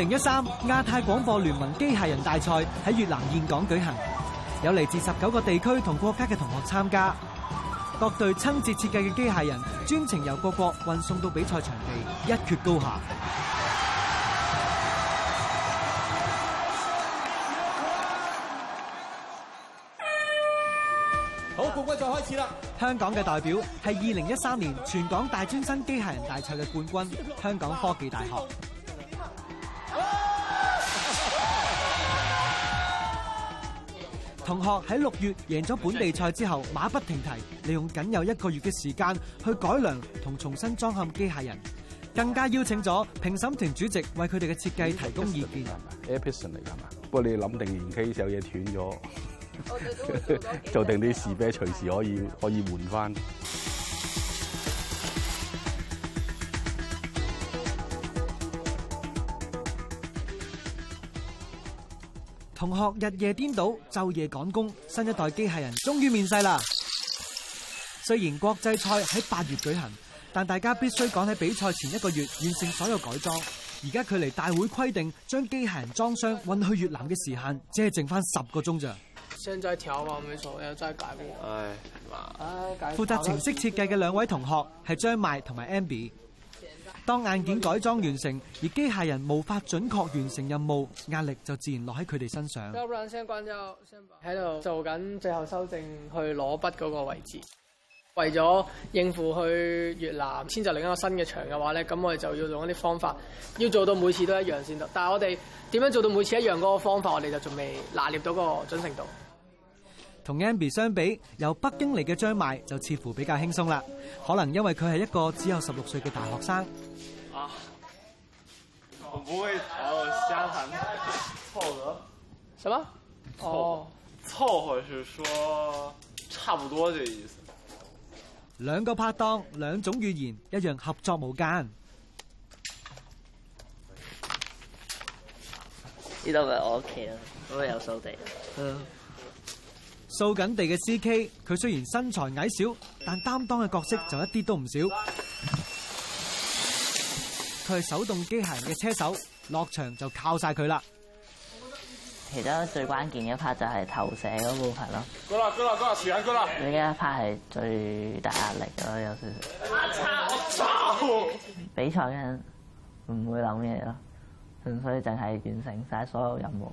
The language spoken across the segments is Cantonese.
二零一三亞太廣播聯盟機械人大賽喺越南峴港舉行，有嚟自十九個地區同國家嘅同學參加，各隊親自設計嘅機械人專程由各國運送到比賽場地一決高下。好，冠軍賽開始啦！香港嘅代表係二零一三年全港大專生機械人大賽嘅冠軍，香港科技大學。同學喺六月贏咗本地賽之後，馬不停蹄，利用僅有一個月嘅時間去改良同重新裝嵌機械人，更加邀請咗評審團主席為佢哋嘅設計提供意見。係咪 a s s i o 嚟㗎嘛？不過你諗定連 K 有嘢斷咗，就 定啲士啤隨時可以可以換翻。同學日夜顛倒，晝夜趕工，新一代機械人終於面世啦。雖然國際賽喺八月舉行，但大家必須趕喺比賽前一個月完成所有改裝。而家距離大會規定將機械人裝箱運去越南嘅時限，只係剩翻十個鐘咋。現在調下唔係錯，又真。唉，負責程式設計嘅兩位同學係張邁同埋 Andy 當硬件改裝完成，而機械人無法準確完成任務，壓力就自然落喺佢哋身上。喺度做緊最後修正，去攞筆嗰個位置。為咗應付去越南遷就另一個新嘅場嘅話咧，咁我哋就要用一啲方法，要做到每次都一樣先得。但係我哋點樣做到每次一樣嗰個方法，我哋就仲未拿捏到嗰個準成度。同 Amby 相比，由北京嚟嘅張邁就似乎比較輕鬆啦。可能因為佢係一個只有十六歲嘅大學生。我不會，我瞎談，湊合。什麼？哦，湊合是說差不多嘅意思。兩個拍檔，兩種語言，一樣合作無間。呢度咪我屋企咯，都有掃地。嗯。掃緊地嘅 C.K. 佢雖然身材矮小，但擔當嘅角色就一啲都唔少。佢係手動機械人嘅車手，落場就靠晒佢啦。我覺得其中最關鍵嘅一 part 就係投射嗰部,部分咯。嗰日嗰時間，你嘅一 part 係最大壓力咯，有少少、啊。比賽嘅人唔會諗嘢咯，純粹淨係完成晒所有任務。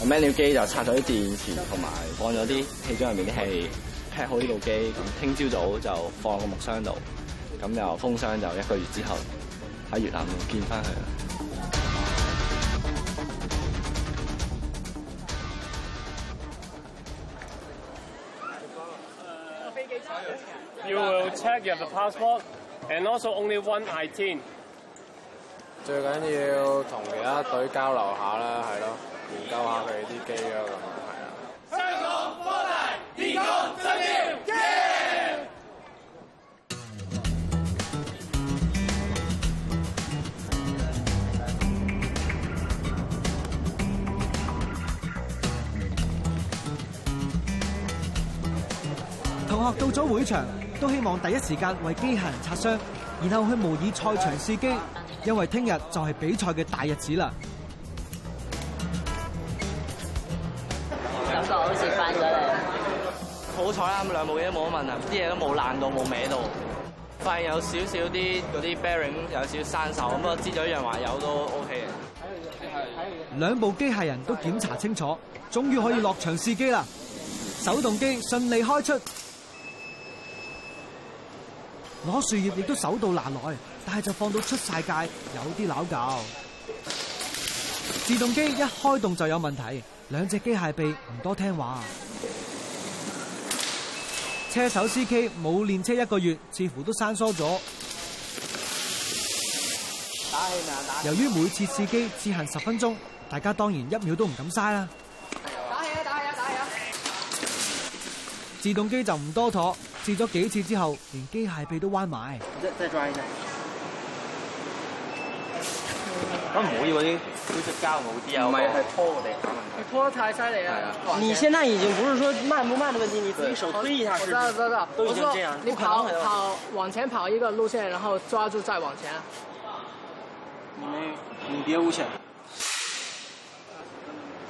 我掹了機，就拆咗啲電池，同埋放咗啲氣樽入面啲氣，pack 好呢部機。咁聽朝早就放個木箱度，咁又封箱，就一個月之後喺越南見翻佢。You will check your passport and also only one item。最緊要同其他隊交流下啦，係咯。研究下佢啲機咯，咁啊，係啊！香港科大電工專業同學到咗會場，都希望第一時間為機械人擦傷，然後去模擬賽場試機，因為聽日就係比賽嘅大日子啦。好彩啦，兩部嘢冇乜問題，啲嘢都冇爛到冇歪到。發現有少少啲嗰啲 bearing 有少少生鏽，不過支咗一樣還有都 OK。兩部機械人都檢查清楚，終於可以落場試機啦。手動機順利開出，攞樹葉亦都手到拿來，但係就放到出曬界，有啲攪搞。自動機一開動就有問題，兩隻機械臂唔多聽話。車手司 k 冇練車一個月，似乎都生疏咗。由於每次試機只行十分鐘，大家當然一秒都唔敢嘥啦。打氣啊！打氣啊！打氣啊！自動機就唔多妥，試咗幾次之後，連機械臂都彎埋。佢冇嘢喎，呢啲都係教冇啲啊，我唔我係拖嘅，你拖得太犀利啊！你現在已經不是說慢不慢的問題，你自己手推一下試下，都已經這樣。你跑跑，跑往前跑一個路線，然後抓住再往前。你們你別危險。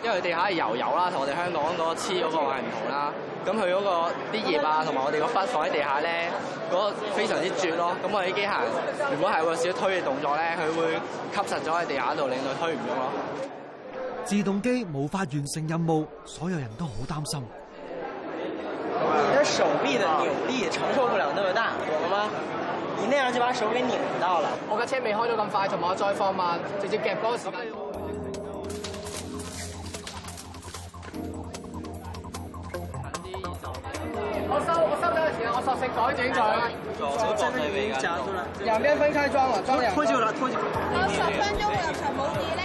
因為地下係油油啦，同我哋香港嗰個黐、嗯、嗰個係唔同啦。咁佢嗰個啲葉啊，同、啊、埋我哋個花放喺地下咧。嗰、那個、非常之絕咯，咁我啲機械如果係有少少推嘅動作咧，佢會吸實咗喺地下度，令佢推唔喐咯。自動機冇法完成任務，所有人都好擔心。你嘅手臂嘅扭力承受、嗯、不了那麼大，懂、嗯、嗎？你那樣就把手給扭到啦。我架車未開到咁快，同埋我再放慢，直接夾多時間。我收我收到到錢我索性改整咗啦。左正對右正對，兩邊分開裝啊！裝啊！開住啦，開住。開始開始仲有十分鐘入場冇事咧。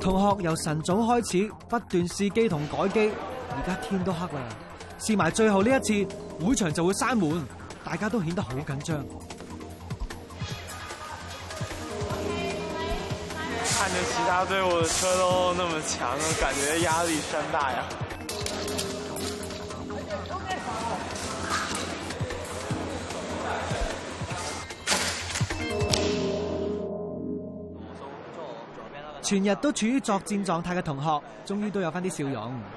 同學由晨早開始不斷試機同改機，而家天都黑啦，試埋最後呢一次，會場就會閂門，大家都顯得好緊張。其他隊伍的車都那麼強，感覺壓力山大呀！全日都處於作戰狀態嘅同學，終於都有翻啲笑容。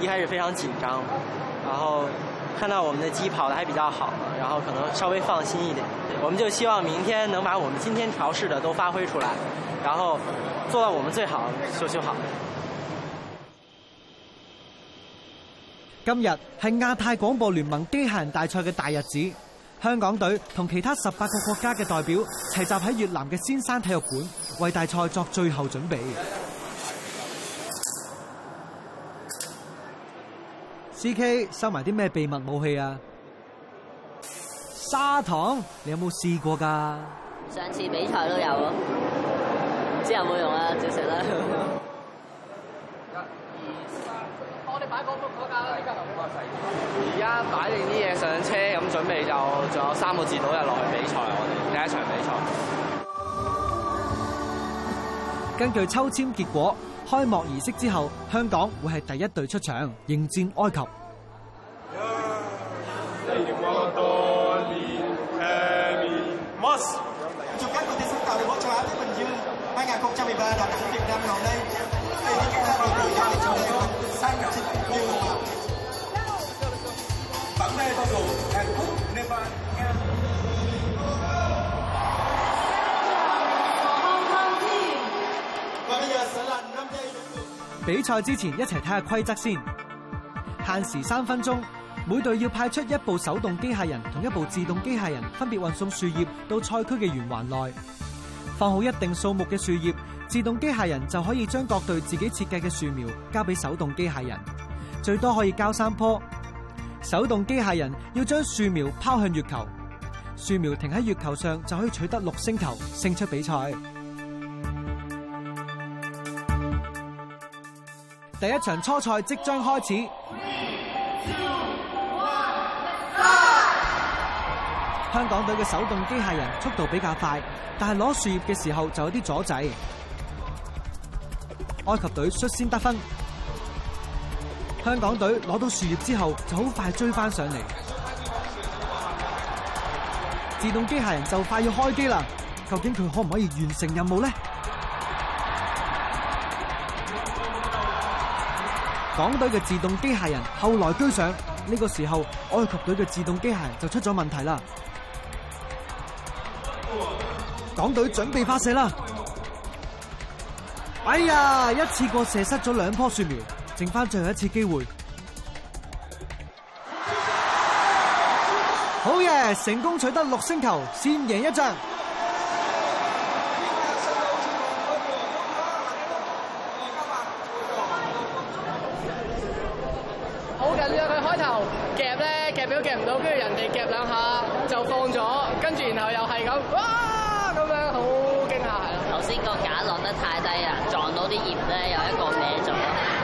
一開始非常緊張，然後。看到我們的機跑的還比較好，然後可能稍微放心一點。我們就希望明天能把我們今天調試的都發揮出來，然後做到我們最好，修修好。今日係亞太廣播聯盟機械人大賽嘅大日子，香港隊同其他十八個國家嘅代表齊集喺越南嘅仙山體育館，為大賽作最後準備。C K 收埋啲咩秘密武器啊？砂糖，你有冇試過㗎？上次比賽都有，唔知有冇用啊，直食啦。一、二、三，我哋擺個副嗰架啦，而家擺定啲嘢上車，咁準備就仲有三個字到日落去比賽，我哋第一場比賽。根據抽籤結果。開幕儀式之後，香港會係第一隊出場，迎戰埃及。比賽之前一齊睇下規則先。限時三分鐘，每隊要派出一部手動機械人同一部自動機械人，分別運送樹葉到賽區嘅圓環內，放好一定數目嘅樹葉，自動機械人就可以將各隊自己設計嘅樹苗交俾手動機械人，最多可以交三棵。手動機械人要將樹苗拋向月球，樹苗停喺月球上就可以取得六星球，勝出比賽。第一場初賽即將開始，香港隊嘅手動機械人速度比較快，但係攞樹葉嘅時候就有啲阻滯。埃及隊率先得分，香港隊攞到樹葉之後就好快追翻上嚟。自動機械人就快要開機啦，究竟佢可唔可以完成任務呢？港隊嘅自動機械人後來居上，呢個時候埃及隊嘅自動機械就出咗問題啦。港隊準備發射啦！哎呀，一次過射失咗兩棵樹苗，剩翻最後一次機會。好嘢，成功取得六星球，先贏一仗。頭夾咧，夾都夾唔到，跟住人哋夾兩下就放咗，跟住然後又係咁，哇咁樣好驚嚇！頭先嗰個架落得太低啊，撞到啲葉咧有一個歪咗，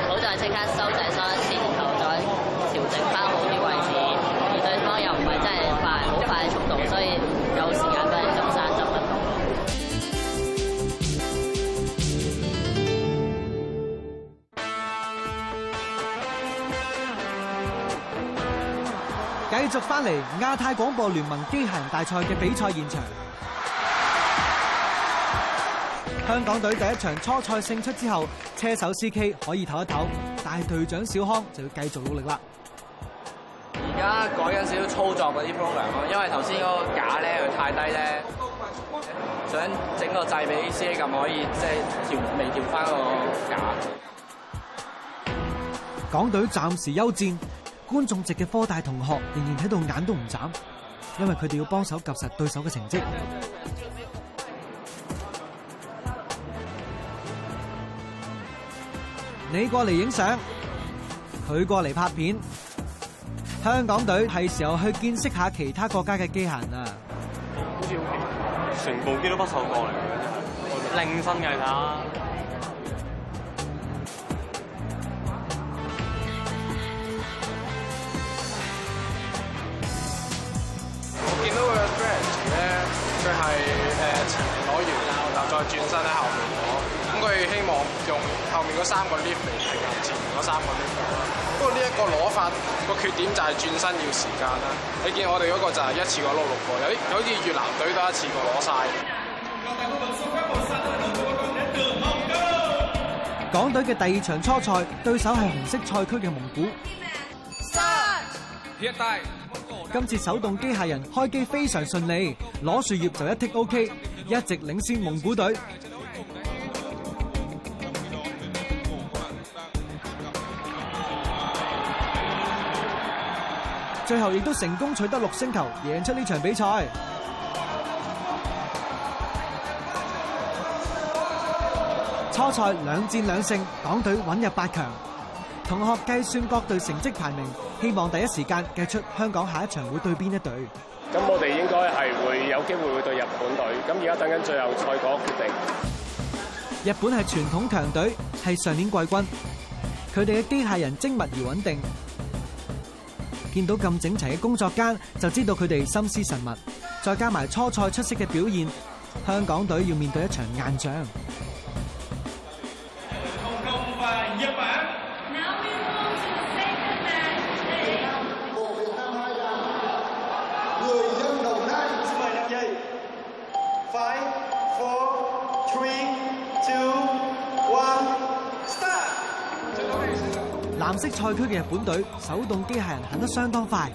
好在即刻收掣收一次，然後再調整翻好啲位置。而對方又唔係真係快，好快速度，所以有時間。繼續翻嚟亞太廣播聯盟機械人大賽嘅比賽現場，香港隊第一場初賽勝出之後，車手 C K 可以唞一唞，但係隊長小康就要繼續努力啦。而家改緊少少操作嗰啲 program 咯，因為頭先嗰個架咧佢太低咧，想整個掣俾 C K 咁可以即係調未調翻個架。港隊暫時休戰。觀眾席嘅科大同學仍然睇到眼都唔眨，因為佢哋要幫手核實對手嘅成績。你過嚟影相，佢過嚟拍片。香港隊係時候去見識下其他國家嘅機械啦。好似好勁，成部機都不銹鋼嚟嘅，靚身嘅其誒，前面攞完啦，嗱，再轉身喺後面攞。咁佢希望用後面嗰三個 lift 嚟平衡前嗰三個 lift 啦。不過呢一個攞法個缺點就係轉身要時間啦。你見我哋嗰個就係一次過攞六個，有啲好似越南隊都一次過攞晒。港隊嘅第二場初賽對手係紅色賽區嘅蒙古。今次手動機械人開機非常順利，攞樹葉就一 tick OK，一直領先蒙古隊，最後亦都成功取得六星球，贏出呢場比賽。初賽兩戰兩勝，港隊穩入八強。同學計算各隊成績排名。希望第一時間計出香港下一場會對邊一隊？咁我哋應該係會有機會會對日本隊。咁而家等緊最後賽果決定。日本係傳統強隊，係上年季軍。佢哋嘅機械人精密而穩定，見到咁整齊嘅工作間，就知道佢哋心思慎密。再加埋初賽出色嘅表現，香港隊要面對一場硬仗。賽區嘅日本隊手動機械人行得相當快，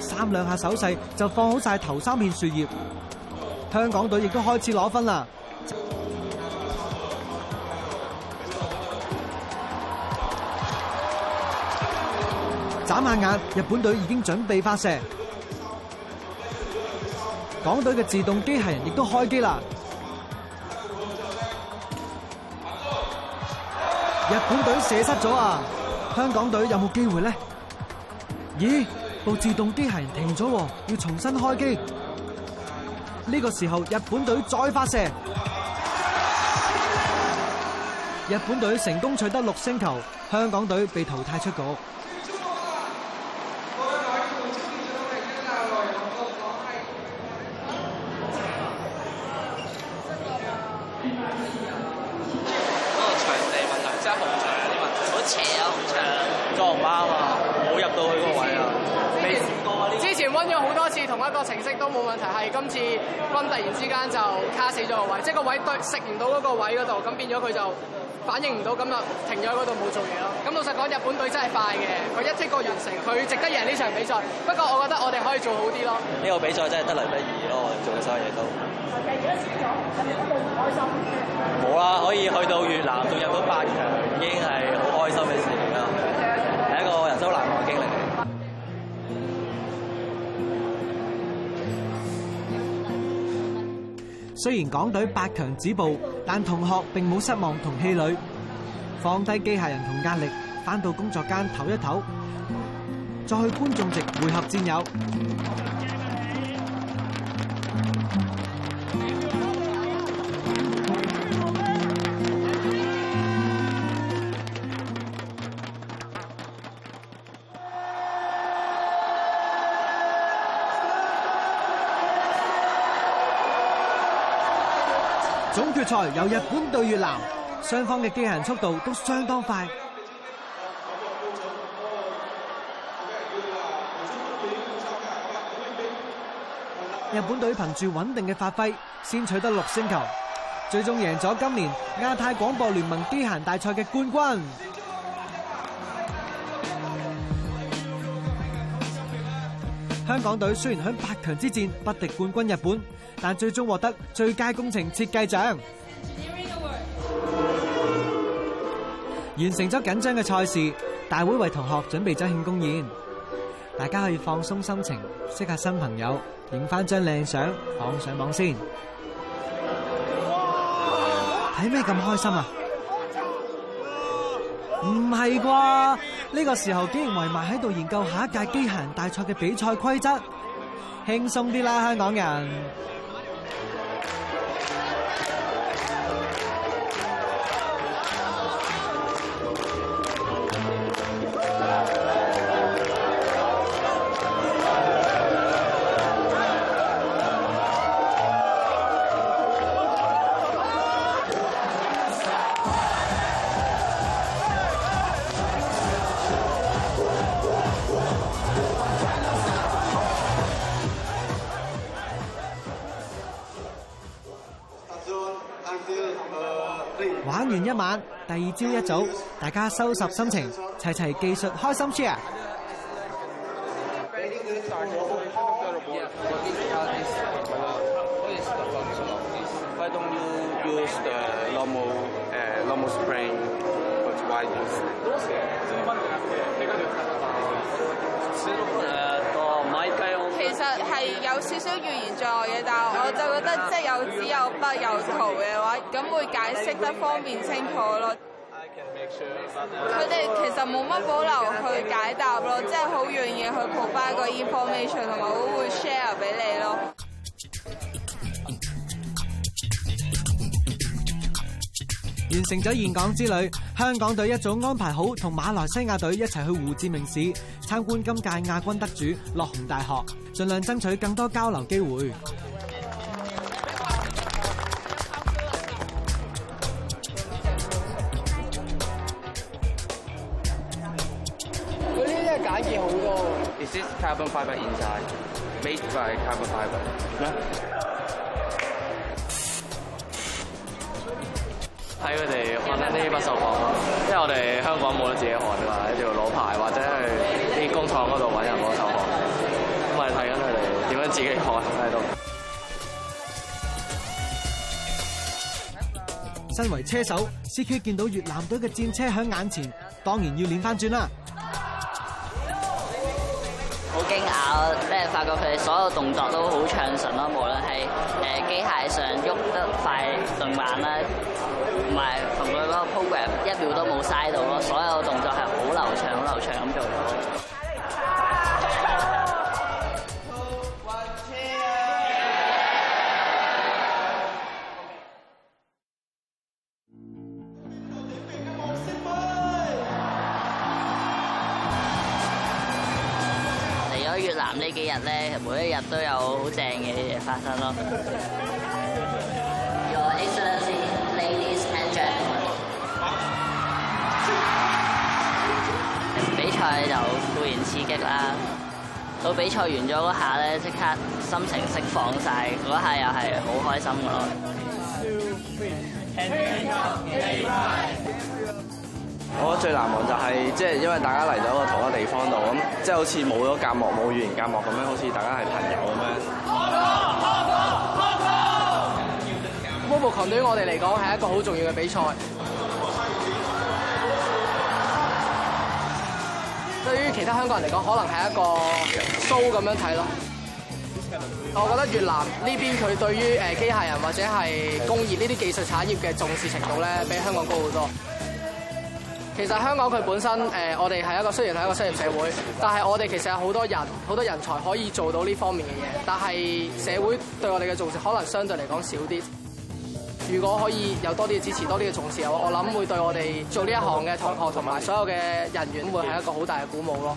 三兩下手勢就放好晒頭三片樹葉。香港隊亦都開始攞分啦！ 眨下眼，日本隊已經準備發射，港隊嘅自動機械人亦都開機啦。日本隊射失咗啊！香港隊有冇機會咧？咦，部自動機械人停咗，要重新開機。呢個時候，日本隊再發射，日本隊成功取得六星球，香港隊被淘汰出局。撞唔啱啊，冇入到去嗰，啊這個位啊！之前溫溫咗好多次同一個程式都冇問題，係今次溫突然之間就卡死咗個位，即、就、係、是、個位對食唔到嗰個位嗰度，咁變咗佢就反應唔到，咁就停咗喺嗰度冇做嘢咯。咁老實講，日本隊真係快嘅，佢一即個完成，佢值得贏呢場比賽。不過我覺得我哋可以做好啲咯。呢、這個比賽真係得嚟不易咯，哦，做嘅所有嘢都。冇啊！可以去到越南，仲有到八強。雖然港隊八強止步，但同學並冇失望同氣餒，放低機械人同壓力，返到工作間唞一唞，再去觀眾席會合戰友。總決賽由日本對越南，雙方嘅機械人速度都相當快。日本隊憑住穩定嘅發揮，先取得六星球，最終贏咗今年亞太廣播聯盟機械人大賽嘅冠軍。香港隊雖然響八強之戰不敵冠軍日本，但最終獲得最佳工程設計獎。完成咗緊張嘅賽事，大會為同學準備咗慶功宴，大家可以放鬆心情，識下新朋友，影返張靚相，放上網先。睇咩咁開心啊？唔係啩？呢個時候竟然圍埋喺度研究下一屆機械人大賽嘅比賽規則，輕鬆啲啦，香港人！一晚，第二朝一早，大家收拾心情，齊齊記述，開心 share。係有少少語言障礙嘅，但係我就覺得即係有紙有筆有圖嘅話，咁會解釋得方便清楚咯。佢哋其實冇乜保留去解答咯，即係好願意去 provide 個 information 同埋好會 share 俾你咯。完成咗峴港之旅，香港隊一早安排好同馬來西亞隊一齊去胡志明市參觀今屆亞軍得主洛宏大學，盡量爭取更多交流機會。嗰啲係簡好多。啲不鏽鋼咯，因為我哋香港冇得自己焊啊嘛，一定要攞牌或者去啲工廠嗰度揾人幫手焊。咁我哋睇緊佢哋點樣自己焊喺度。身為車手，CK 見到越南隊嘅戰車喺眼前，當然要練翻轉啦。好驚訝啊！咧發覺佢哋所有動作都好暢順咯，無論係誒機械上喐得快順慢。啦。同埋同佢嗰個 program 一秒都冇嘥到咯，所有動作係好流暢、好流暢咁做咯。嚟咗越南呢幾日咧，每一日都有好正嘅嘢發生咯。就固然刺激啦，到比賽完咗嗰下咧，即刻心情釋放晒。嗰下又係好開心嘅咯。我覺得最難忘就係即係因為大家嚟到一個同一地方度，咁即係好似冇咗隔膜，冇語言隔膜咁樣，好似大家係朋友咁樣。Football! Football! Football! Football! 對於我哋嚟講係一個好重要嘅比賽。對於其他香港人嚟講，可能係一個 show 咁樣睇咯。我覺得越南呢邊佢對於誒機械人或者係工業呢啲技術產業嘅重視程度咧，比香港高好多。其實香港佢本身、呃、我哋係一個雖然係一個商業社會，但係我哋其實有好多人、好多人才可以做到呢方面嘅嘢，但係社會對我哋嘅重視可能相對嚟講少啲。如果可以有多啲嘅支持、多啲嘅重視嘅話，我我諗會對我哋做呢一行嘅同學同埋所有嘅人員，會係一個好大嘅鼓舞咯。